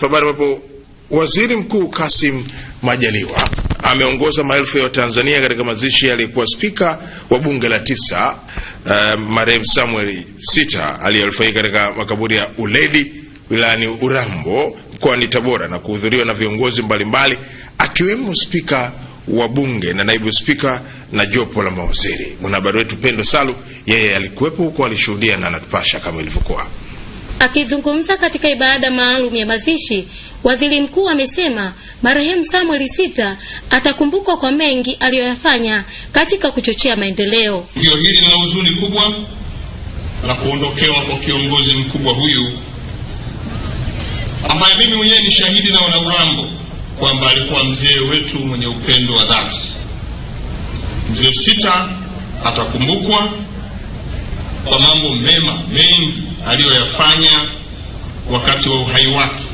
Habari ambapo Waziri Mkuu kasim Majaliwa ameongoza maelfu ya Watanzania katika mazishi aliyekuwa spika wa bunge la tisa uh, marehemu Samuel Sita aliyefariki katika makaburi ya Uledi wilayani Urambo mkoani Tabora na kuhudhuriwa na viongozi mbalimbali akiwemo spika wa bunge na naibu spika na jopo la mawaziri. Mwanahabari wetu Pendo Salu yeye alikuwepo huko, alishuhudia na anatupasha kama ilivyokuwa. Akizungumza katika ibada maalum ya mazishi, waziri mkuu amesema marehemu Samuel Sita atakumbukwa kwa mengi aliyoyafanya katika kuchochea maendeleo. Tukio hili lina huzuni kubwa la kuondokewa kwa kiongozi mkubwa huyu ambaye mimi mwenyewe ni shahidi na wanaurambo kwamba alikuwa mzee wetu mwenye upendo wa dhati. Mzee Sita atakumbukwa kwa mambo mema mengi aliyoyafanya wakati wa uhai wake.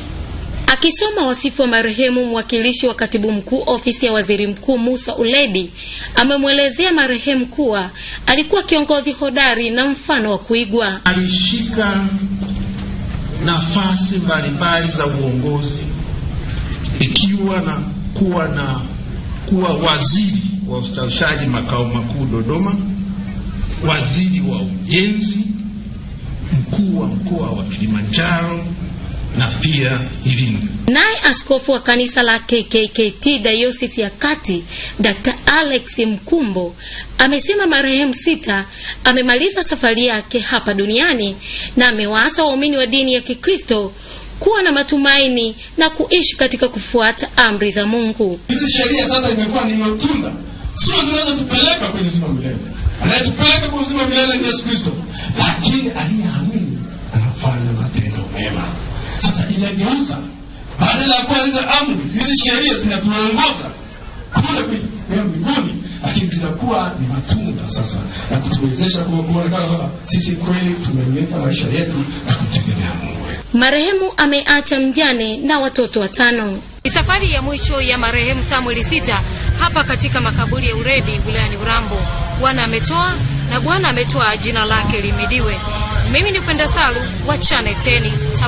Akisoma wasifu wa marehemu, mwakilishi wa katibu mkuu ofisi ya waziri mkuu Musa Uledi amemwelezea marehemu kuwa alikuwa kiongozi hodari na mfano wa kuigwa. Alishika nafasi mbalimbali za uongozi ikiwa na kuwa na kuwa waziri wa ustawishaji makao makuu Dodoma, waziri wa ujenzi mkuu wa mkoa wa Kilimanjaro na pia Iringa. Naye askofu wa kanisa la KKKT Dayosisi ya Kati, Dr. Alex Mkumbo amesema marehemu Sita amemaliza safari yake hapa duniani na amewaasa waumini wa dini ya Kikristo kuwa na matumaini na kuishi katika kufuata amri za Mungu. Hizi sheria sasa imekuwa ni matunda, sio zinazotupeleka kwenye uzima milele. Anayetupeleka kwenye uzima milele ni Yesu Kristo, lakini aliyeamini inageuza badala ya kuwa hizi amri hizi sheria zinatuongoza kule kwenye mbinguni, lakini zinakuwa ni matunda sasa na kutuwezesha kuonekana kwamba sisi kweli tumeweka maisha yetu na kumtegemea Mungu. Marehemu ameacha mjane na watoto watano. Ni safari ya mwisho ya marehemu Samuel Sita hapa katika makaburi ya Uredi wilayani Urambo. Bwana ametoa na Bwana ametoa, jina lake limidiwe. Mimi ni Penda Salu wa Channel 10.